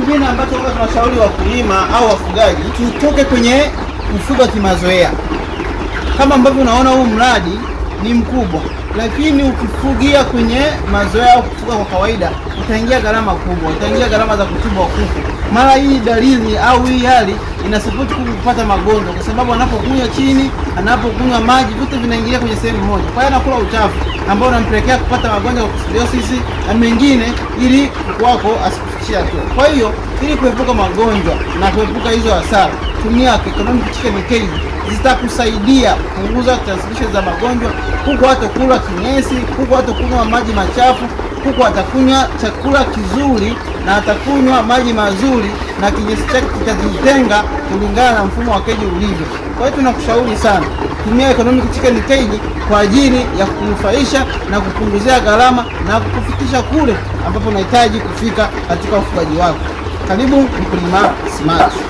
kingine ambacho a tunashauri wakulima au wafugaji, tutoke kwenye mfugo kimazoea. Kama ambavyo unaona huu mradi ni mkubwa lakini ukifugia kwenye mazoea au kufuga kwa kawaida, utaingia gharama kubwa, utaingia gharama za kutibu kuku. Mara hii dalili au hii hali inasapoti kuku kupata magonjwa, kwa sababu anapokunywa chini, anapokunywa maji, vyote vinaingia kwenye sehemu moja, kwa hiyo anakula uchafu ambao unampelekea kupata magonjwa ya scoliosis na mengine, ili kuku wako asikufikishie tu. Kwa hiyo ili kuepuka magonjwa na kuepuka hizo hasara kutumia economic chicken zitakusaidia kupunguza transmission za magonjwa. Kuku watakula kinyesi, kuku watakunywa maji machafu, kuku atakunywa chakula kizuri na atakunywa maji mazuri, na kinyesi chake kitajitenga kulingana na mfumo wa keji ulivyo. Kwa hiyo tunakushauri sana tumia economic chicken cage kwa ajili ya kunufaisha na kupunguzia gharama na kukufikisha kule ambapo unahitaji kufika katika ufugaji wako. Karibu Mkulima Smart.